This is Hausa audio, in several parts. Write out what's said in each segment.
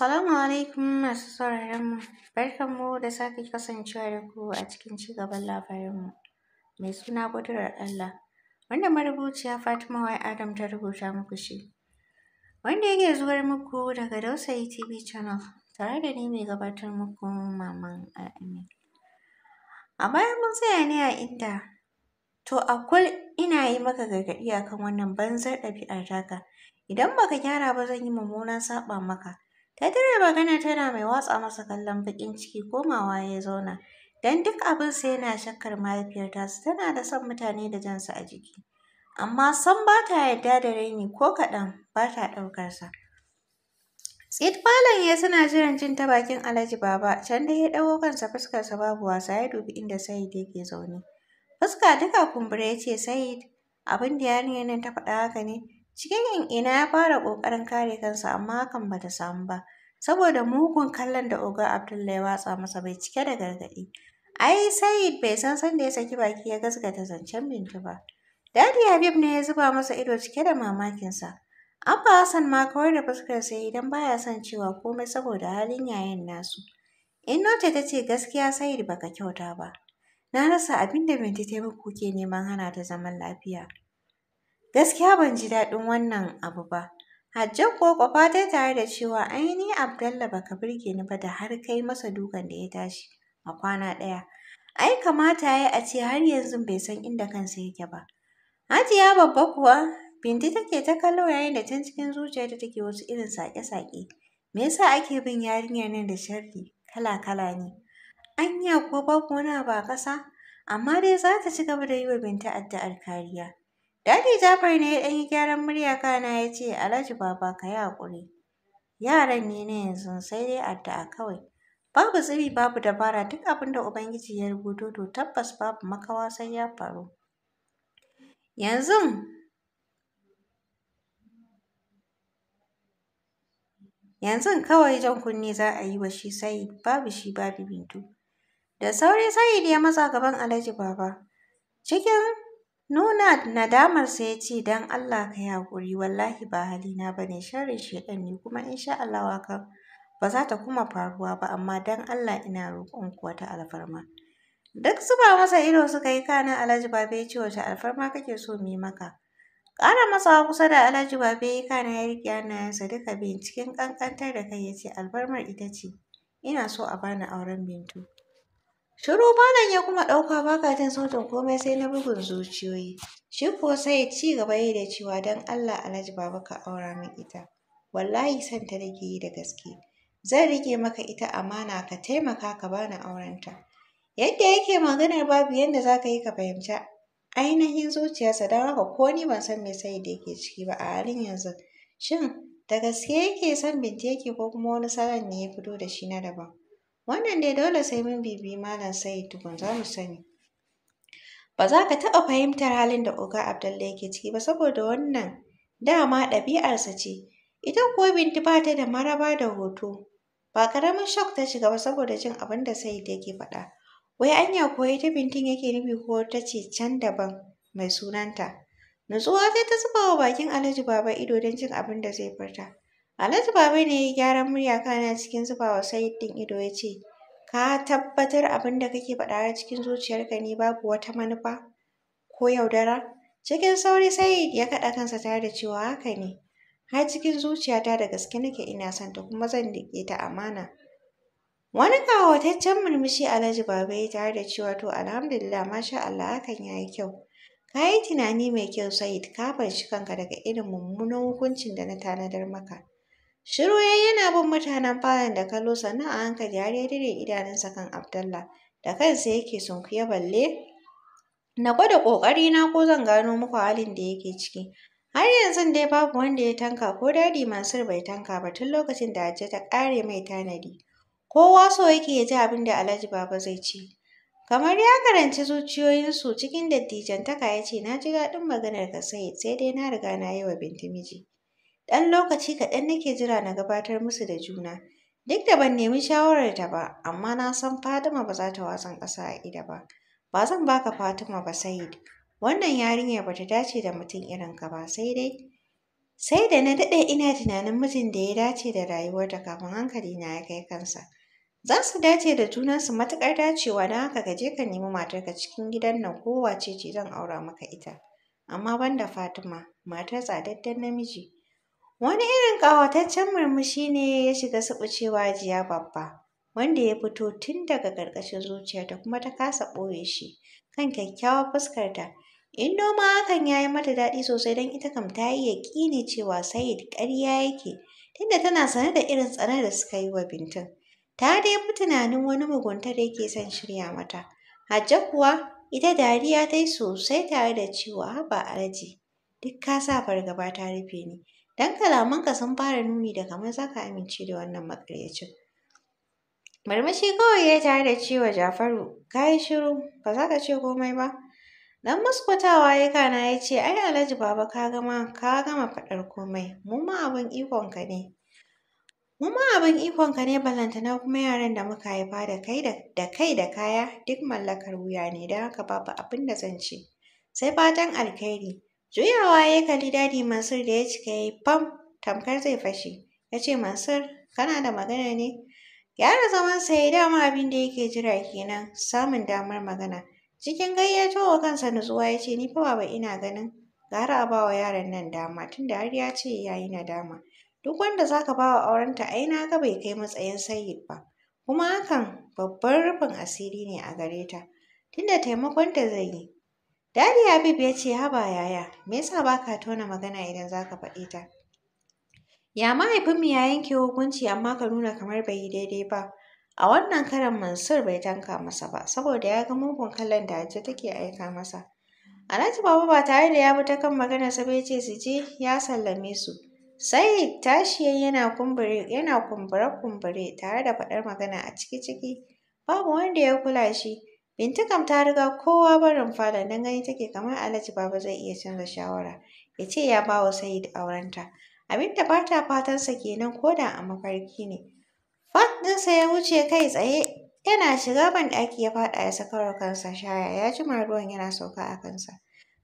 Assalamu alaikum masu barkan mu da sake kasancewa da ku a cikin ci cigaban labarinmu. Mai suna ƙudurar Allah. Wanda marubuciya Fatima Y. Adam ta rubuta muku shi. Wanda yake zuwar muku daga Dausayi TV Channel. Tare da ni mai gabatar muku Maman amin. A baya mun tsaya ne a inda to a kul ina yi maka gargaɗi akan wannan banzar ɗabi'ar taka. Idan baka gyara ba zan yi mummunan saɓa maka. Ta magana tana mai watsa masa kallon bakin ciki komawa ya zauna. dan duk abin sa yana shakkar mahaifiyar su tana da son mutane da jansu a jiki. Amma san ba ta yadda da raini ko kaɗan ba ta ɗaukarsa. Tsit falon ya suna jiran jin ta bakin Alhaji Baba, can da ya ɗago kansa fuskarsa babu wasa ya dubi inda Said yake zaune. Fuska duka kumbura ya ce Said, abin da yarinyar nan ta faɗa haka ne, yin ina ya fara ƙoƙarin kare kansa amma hakan bata samu ba, saboda mugun kallon da ogar Abdullahi ya watsa masa bai cike da gargaɗi. Ai sai bai san sanda ya saki baki ya gasgata zancen Bintu ba. Dadi Habib ne ya zuba masa ido cike da mamakinsa. Abba Hassan ma kawar da fuskarsa idan baya son cewa komai saboda halin yayin nasu. Innoce ta ce gaskiya Said baka kyauta ba. Na rasa abinda Bintu ta ke neman hana ta zaman lafiya. Gaskiya ban ji daɗin wannan abu ba. Hajjan kuwa kwafa ta tare da cewa ni Abdalla baka birge ni ba da har kai masa dukan da ya tashi a kwana ɗaya. Ai kamata ya yi a ce har yanzu bai san inda kansa yake ba. Hajiya babba kuwa Bintu take ta kallo yayin da can cikin zuciyarta take wasu irin saƙe-saƙe. Me yasa ake bin yarinyar nan da sharri kala-kala ne? Anya ko babu wani abu a ƙasa? Amma dai za ta ci gaba da yi wa Binta addu'ar kariya. Dadi Jafar ne ya yi gyaran murya kana ya ce Alhaji Baba ka yi haƙuri. Yaran ne na yanzu sai dai addu'a kawai. Babu tsiri babu dabara duk abin da Ubangiji ya rubuto to tabbas babu makawa sai ya faru. Yanzu yanzu kawai jan kunne za a yi wa shi sai babu shi babu bintu. Da sauri sai ya matsa gaban Alhaji Baba. Cikin nuna nadamarsa ya ce don Allah ka yi haƙuri wallahi ba halina ba ne sharrin shaiɗan ne kuma sha Allah ka ba za ta kuma faruwa ba amma don Allah ina roƙonku wata alfarma. Duk zuba masa ido suka yi kana Alhaji Babe ya ce wata alfarma kake so mu yi maka. Ƙara masawa kusa da Alhaji Babe ya yi kana ya riƙe hannayensa duka binciken ƙanƙantar da kai ya ce alfarmar ita ce ina so a bani auren Bintu. Shiru falon ya kuma ɗauka ba ka jin sautin komai sai na bugun zuciyoyi. Shi ko sai ya ci gaba yi da cewa don Allah Alhaji baba ka aura min ita. Wallahi san ta nake yi da gaske. Zan rike maka ita amana ka taimaka ka bani aurenta. Yadda yake maganar babu yadda za ka yi ka fahimci ainihin zuciyarsa don haka ko ni ban san me sai da yake ciki ba a halin yanzu. Shin da gaske yake son Binta yake ko kuma wani salon ne ya fito da shi na daban? Wannan dai dole sai mun bibi Malam sai tukun za mu sani. Ba za ka taɓa fahimtar halin da Oga Abdalla yake ciki ba saboda wannan dama ɗabi'arsa ce. Ita kuwa Binti ba ta da maraba da hoto. Ba ƙaramin shock ta shiga ba saboda jin abin da ta yake faɗa. Wai anya ko ita Bintin yake nufi ko ta ce can daban mai sunanta. Nutsuwa sai ta zuba wa bakin Alhaji Baba ido don jin abin da zai furta. Alhaji Baba ne ya yi gyaran murya kana cikin zuba wa Said ɗin ido ya ce, Ka tabbatar abin da kake faɗa a cikin zuciyarka ne babu wata manufa ko yaudara? Cikin sauri Said ya kaɗa kansa tare da cewa haka ne. Har cikin zuciyata da gaske nake ina son ta kuma zan riƙe ta amana. Wani ƙawataccen murmushi Alhaji Baba tare da cewa to alhamdulillah masha Allah hakan ya yi kyau. Ka yi tunani mai kyau Said ka fanshi kanka daga irin mummunan hukuncin da na tanadar maka. Shiru ya yana bin mutanen falon da kallo sannan a hankali har ya dire idanunsa kan Abdallah da kansa yake sunkuya balle na gwada ƙoƙari na ko zan gano muku halin da yake ciki. Har yanzu dai babu wanda ya tanka ko dadi Mansur bai tanka ba tun lokacin da Hajja ta ƙare mai tanadi. Kowa so yake ya ji abin da Alhaji Baba zai ci. Kamar ya karanci zuciyoyinsu cikin dattijantaka ya ce na ji daɗin maganar ka sai sai dai na riga na yi wa Binti miji. ɗan lokaci kaɗan nake jira na gabatar musu da juna. Duk da ban nemi shawarar ta ba, amma na san Fatima ba za ta watsan ƙasa a ido ba. Ba zan baka Fatima ba Said. Wannan yarinyar ba ta dace da mutum irin ka ba, sai dai sai da na daɗe ina tunanin mijin da ya dace da rayuwarta kafin hankali na ya kai kansa. Za su dace da su matuƙar dacewa don haka ka je ka nemi matarka cikin gidan nan ko wace ce zan aura maka ita. Amma banda Fatima, matar tsadaddan namiji. Wani irin ƙawataccen murmushi ne ya shiga suɓucewa jiya babba, wanda ya fito tun daga ƙarƙashin zuciyarta kuma ta kasa ɓoye shi kan kyakkyawar fuskarta. In noma hakan ya yi mata daɗi sosai don ita kam ta yi yaƙini cewa Said ƙarya yake, tunda tana sane da irin tsanar da suka yi wa Bintun. Ta dai fi tunanin wani mugunta da yake son shirya mata. Hajja kuwa ita dariya ta yi sosai tare da cewa haba alaji, duk ka sa fargaba ta rufe ni. don kalamanka sun fara nuni da kamar za ka amince da wannan makaryacin. Marmashi kawai ya tare da cewa Jafaru, ka yi shiru, ba za ka ce komai ba. Dan maskwatawa ya kana ya ce, ai Alhaji Baba ka gama ka gama faɗar komai, mu ma abin ikonka ne. Mu ma abin ikonka ne balantana kuma yaran da muka haifa da kai da kai da kaya duk mallakar wuya ne don haka babu abin da zan ce. Sai fatan alkhairi. Juyawa ya kalli dadi Mansur da ya cika ya yi fam tamkar zai fashe. Ya ce Mansur kana da magana ne? Gyara zaman ya dama abin da yake jira kenan samun damar magana. Cikin gayyato wa kansa nutsuwa ya ce ni fa baba ina ganin gara a bawa yaron nan dama tunda har ya ce ya yi nadama. Duk wanda za ka bawa aurenta ai na ga bai kai matsayin sayyid ba. Kuma hakan babban rufin asiri ne a gare ta tunda taimakon taimakonta zai yi. Dadi Habib ya ce haba yaya me yasa ba ka tona magana idan za ka faɗi ta. Ya mahaifinmu ya yanke hukunci amma ka nuna kamar bai yi daidai ba. A wannan karan Mansur bai tanka masa ba saboda ya ga mugun kallon da Hajji take aika masa. Alhaji Baba ba tare da ya bi ta kan magana sa bai ce su je ya sallame su. Sai tashi yana kumbure yana kumbure kumbure tare da faɗar magana a ciki ciki babu wanda ya kula shi. Binta ta riga kowa barin falon don gani take kamar Alhaji Baba zai iya canza shawara ya ce ya bawa wa Sayid aurenta. Abin da ba ta fatansa kenan ko da a mafarki ne. Fat ɗinsa ya wuce kai tsaye yana shiga banɗaki ya faɗa ya sakarwa kansa shaya ya ji ruwan yana sauka a kansa.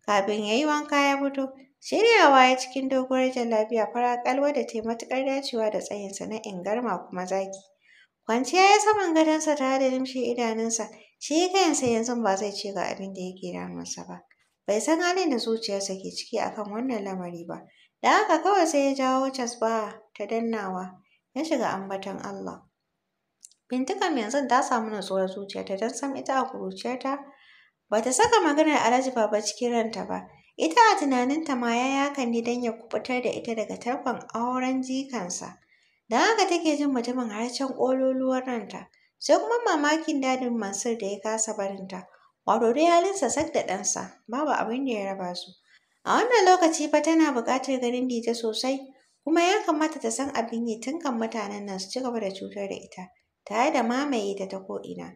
Kafin ya yi wanka ya fito, shiryawa ya cikin doguwar jallabiya fara kalwa da ta matuƙar dacewa da tsayinsa na ingarma kuma zaki. Kwanciya ya saman gadonsa tare da limshe idanunsa Shi kayansa yanzu ba zai ce ga abin da yake damunsa ba. Bai san halin da zuciyarsa ke ciki akan wannan lamari ba. Da haka kawai sai ya jawo ba ta dannawa ya shiga ambatan Allah. Bintikan yanzu ta samu nutsuwar zuciyarta don san ita a kuruciyarta ba ta saka maganar Alhaji Baba cikin ranta ba. Ita a tunaninta ma ya yakan ne don ya kubutar da ita daga tarkon auren jikansa. Don haka take jin mutumin har can ƙololuwar ranta. sai kuma mamakin dadin Mansur da ya kasa barinta. Wato dai halinsa sak da ɗansa, babu abin da ya raba su. A wannan lokaci fa tana buƙatar ganin dita sosai, kuma ya kamata ta san abin yi tun kan mutanen nan su ci gaba da cutar da ita, tare da mamaye da ta ko'ina.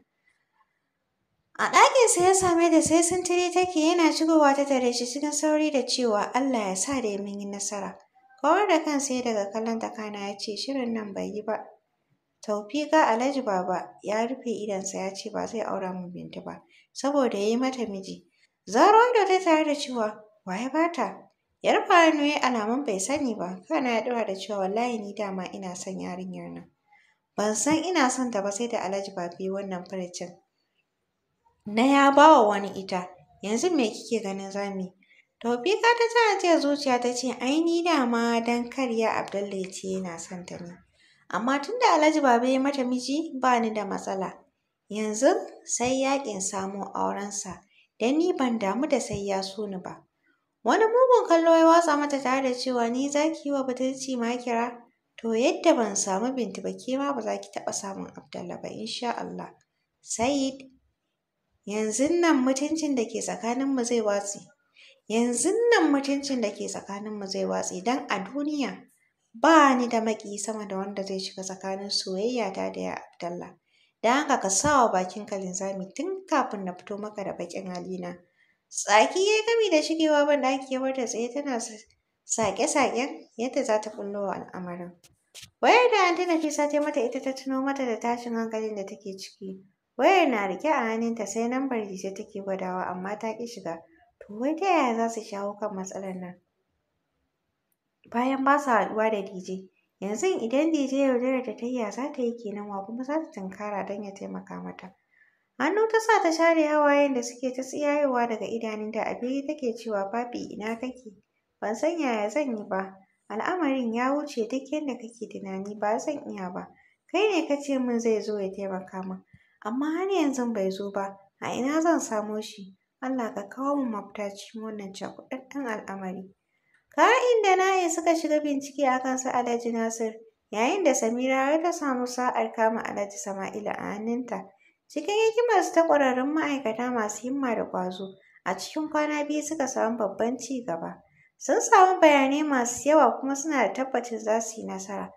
A ɗakin sa ya same da sai sintiri take yana shigowa ta tare shi cikin sauri da cewa Allah ya sa da mun yi nasara. Kawar da kansa daga kallon takana ya ce shirin nan bai yi ba. Taufiƙa Alhaji Baba ya rufe idonsa ya ce ba zai aura min Binta ba saboda ya yi mata miji. Zaro da ta tare da cewa wa ya ta? Ya rufe hannu ya alamun bai sani ba kana ya ɗora da cewa wallahi ni dama ina son yarinyar nan. Ban san ina son ta ba sai da Alhaji Baba ya wannan furucin. Na ya ba wa wani ita yanzu me kike ganin za mu yi? Taufiƙa ta sa zuciya ta ce ai ni dama don kar ya Abdullahi ya ce yana son ta ne. amma tun da Alhaji Baba ya mata miji ba ni da matsala. Yanzu sai yaƙin samo aurensa, da ni ban damu da sai ya so ni ba. Wani mugun kallo ya watsa mata tare da cewa ni za ki yi wa budurci ma kira, to yadda ban samu Bintu ba ke ma ba za ki taɓa samun Abdallah ba insha Allah. Said, yanzu nan mutuncin da ke tsakaninmu zai watsi Yanzu nan mutuncin da ke tsakaninmu zai watsi don a duniya Ba ni da maƙi sama da wanda zai shiga tsakanin soyayyata da ya abdalla Da haka ka sa wa ka linzami tun kafin na fito maka da baƙin halina. Tsaki ya gami da shigewa ban ɗaki ya da tsaye tana saƙe-saƙen yadda za ta ɓullo wa al'amarin. Wayar da anti Nafisa ta mata ita ta tuno mata da tashin hankalin da take ciki. Wayar na rike a hannun ta sai lambar Dije take gwadawa amma ta ƙi shiga. To wai ta yaya za su shawo kan matsalar nan? bayan ba su haɗuwa da DJ. Yanzu idan DJ yaudarar da tayya za ta yi kenan wa kuma za ta tunkara don ya taimaka mata. Hannu ta sa ta share hawayen da suke ta tsiyayowa daga idanunta a ta take cewa Fafi ina kake? Ban san yaya zan yi ba. Al'amarin ya wuce duk yadda kake tunani ba zan iya ba. Kai ne ka ce min zai zo ya taimaka min. Amma har yanzu bai zo ba. A ina zan samo shi? Allah ka kawo mu mafita cikin wannan cakuɗaɗɗen al'amari. Ka'in da Na'in suka shiga bincike a kan su Alhaji Nasir, yayin da Samira har ta samu sa'ar kama Alhaji Sama'ila a hannunta. Cikin hikimarsu ta ƙwararrun ma'aikata masu himma da ƙwazo, a cikin kwana biyu suka samu babban ci gaba. Sun samu bayanai masu yawa kuma suna da tabbacin za su yi nasara.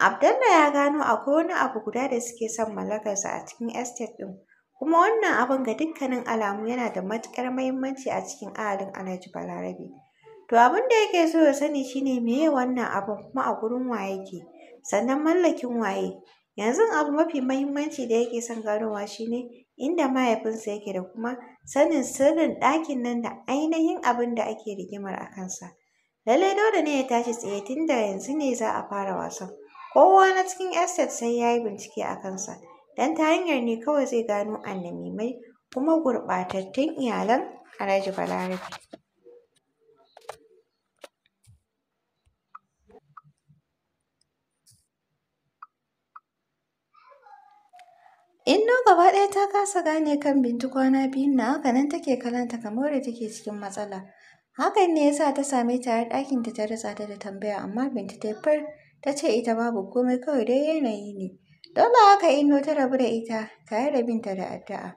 Abdalla ya gano akwai wani abu guda da suke son mallakarsa a cikin estate ɗin, kuma wannan abin ga dukkanin alamu yana da matuƙar muhimmanci a cikin ahalin Alhaji Balarabe. To abin da yake so ya sani shine meye wannan abin kuma a gurin wa yake, sannan mallakin waye. Yanzu abu mafi mahimmanci da yake son ganowa shine inda mahaifinsa yake da kuma sanin sirrin ɗakin nan da ainihin abin da ake rigimar a kansa. Lallai dole ne ya tashi tsaye tun da yanzu ne za a fara wasan. Kowa na cikin estate sai ya yi bincike a kansa, don ta hanyar ne kawai zai gano annamimai kuma gurɓatattun iyalan Alhaji Balarabe. Inno gaba ɗaya ta kasa gane kan Bintu kwana biyun na haka nan take kalanta kamar da take cikin matsala. Hakan ne yasa ta same ta har ɗakinta ta ritsa ta da tambaya amma Bintu ta far ta ce ita babu komai kawai dai yanayi ne. Dole haka Inno ta rabu da ita tare da binta da addu'a.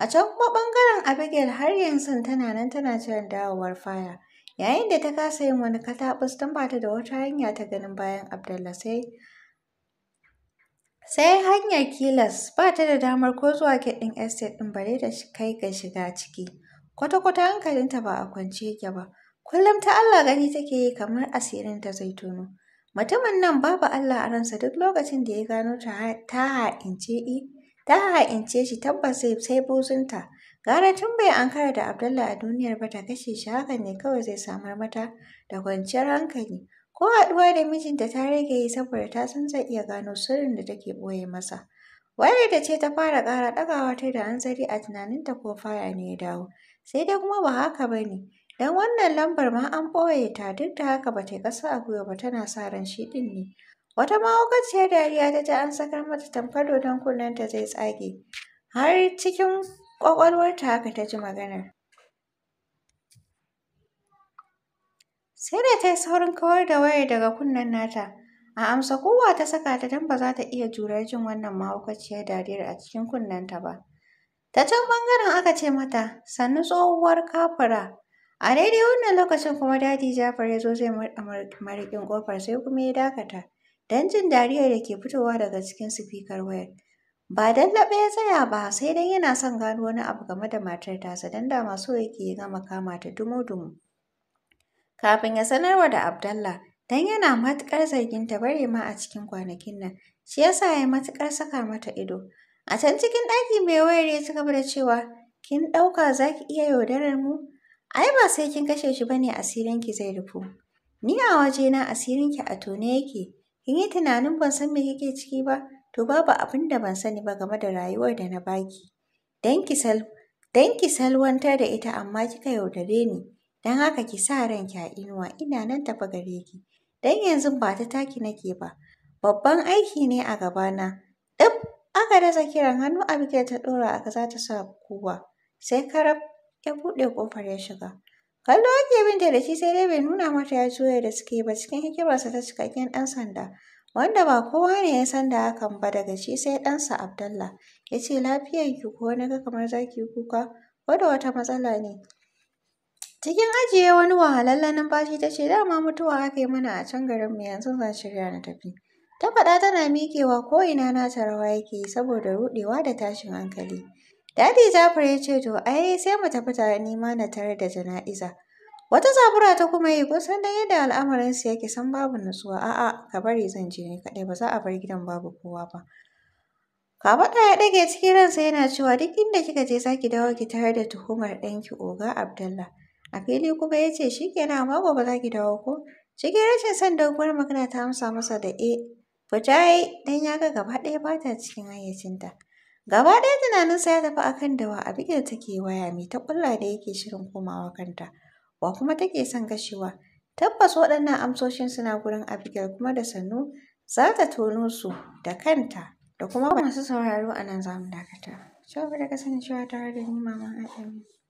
A can kuma ɓangaren Abigail har yanzu tana nan tana jiran dawowar faya. Yayin da ta kasa yin wani kataɓus don ba ta da wata hanya ta ganin bayan Abdullah sai sai hanyar kilas ba ta da damar ko zuwa gate estate ɗin bare da kai ga shiga ciki kwata-kwata hankalinta ba a kwance yake ba kullum ta Allah gani take yi kamar asirin ta zai mutumin nan babu Allah a ransa duk lokacin da ya gano ta ha'ince ta ha'ince shi tabbas sai buzunta gara tun bai ankara da Abdullah a duniyar ba ta kashe shi hakan ne kawai zai samar mata da kwanciyar hankali Ko haɗuwa da mijinta ta rage yi saboda ta san zai iya gano sirrin da take ɓoye masa. Wayar da ce ta fara ƙara ɗagawa ta da hanzari a tunaninta ko faya ne ya dawo. Sai dai kuma ba haka ba ne. Don wannan lambar ma an ɓoye ta duk da haka ba ta ƙasa a gwiwa ba tana sa ran shi ɗin ne. Wata mahaukaciyar dariya ta ji an sakar mata tamfar dodon kunnenta zai tsage. Har cikin ƙwaƙwalwarta haka ta ji maganar. Sai da ta yi saurin kawar da wayar daga kunnen nata. A amsa kowa ta saka ta don ba za ta iya jurar jin wannan mahaukaciyar dariyar a cikin kunnenta ba. Ta can ɓangaren aka ce mata, sannu tsohuwar kafura. A daidai wannan lokacin kuma dadi Jafar ya zo zai mariƙin ƙofar sai kuma ya dakata don jin dariyar da ke fitowa daga cikin sifikar wayar. Ba don laɓe ya tsaya ba sai dai yana son gano wani abu game da matar tasa don da masu yake ya gama kama ta dumu-dumu. kafin ya sanarwa da Abdallah don yana matukar zargin ta bare ma a cikin kwanakin nan shi yasa ya matukar saka mata ido a can cikin ɗaki mai wayar ya ci gaba da cewa kin ɗauka za ki iya yaudarar mu ai ba sai kin kashe shi bane asirin ki zai rufu ni a waje na asirin ki a tone yake kin yi tunanin ban san me kike ciki ba to babu abin da ban sani ba game da rayuwar da na baki dan ki sal dan ki salwantar da ita amma kika yaudare ni Don haka ki sa ranki a inuwa ina nan tafi gare ki. Don yanzu ba ta taki nake ba. Babban aiki ne a gabana. Ɗib aka dasa kiran hannu a Abigail ta ɗora aka za ta sa kowa. Sai karab ya buɗe ƙofar ya shiga. Kallo ake binta da shi sai dai bai nuna mata ya juya da suke ba cikin hikimarsa ta cikakken ɗan sanda. wanda ba kowa ne ya san da hakan ba daga shi sai ɗansa Abdallah ya ce lafiyar ki ko na kamar za ki kuka ko da wata matsala ne Cikin ajiye wani wahalallen bashi ta ce dama mutuwa aka yi mana a can garinmu yanzu zan shirya na tafi. Ta faɗa tana miƙewa ina nata rawa yake yi saboda ruɗewa da tashin hankali. Dadi Jafar ya ce to ai sai mu tafi tare ni ma na tare da jana'iza. Wata zabura ta kuma yi kusan dan yadda al'amarinsu yake san babu nutsuwa a'a ka bari zan je ni kaɗai ba za a bar gidan babu kowa ba. Kafaɗa ya ɗage cikin ransa yana cewa duk inda kika je zaki dawo ki tare da tuhumar ɗanki Oga Abdallah. a fili kuma ya ce shi kenan amma gobe za ki dawo ko cikin rashin son doguwar magana ta amsa masa da e fita ya don ya ga gaba ɗaya ba ta cikin hayyacinta gaba ɗaya sa ya tafi akan da wa abin da take waya mai ta ƙulla da yake shirin komawa kanta wa kuma take son gashewa tabbas waɗannan amsoshin suna gurin abigail kuma da sannu za ta tono su da kanta da kuma masu sauraro a nan za mu dakata. Ci gaba da tare da ni Maman Adamu.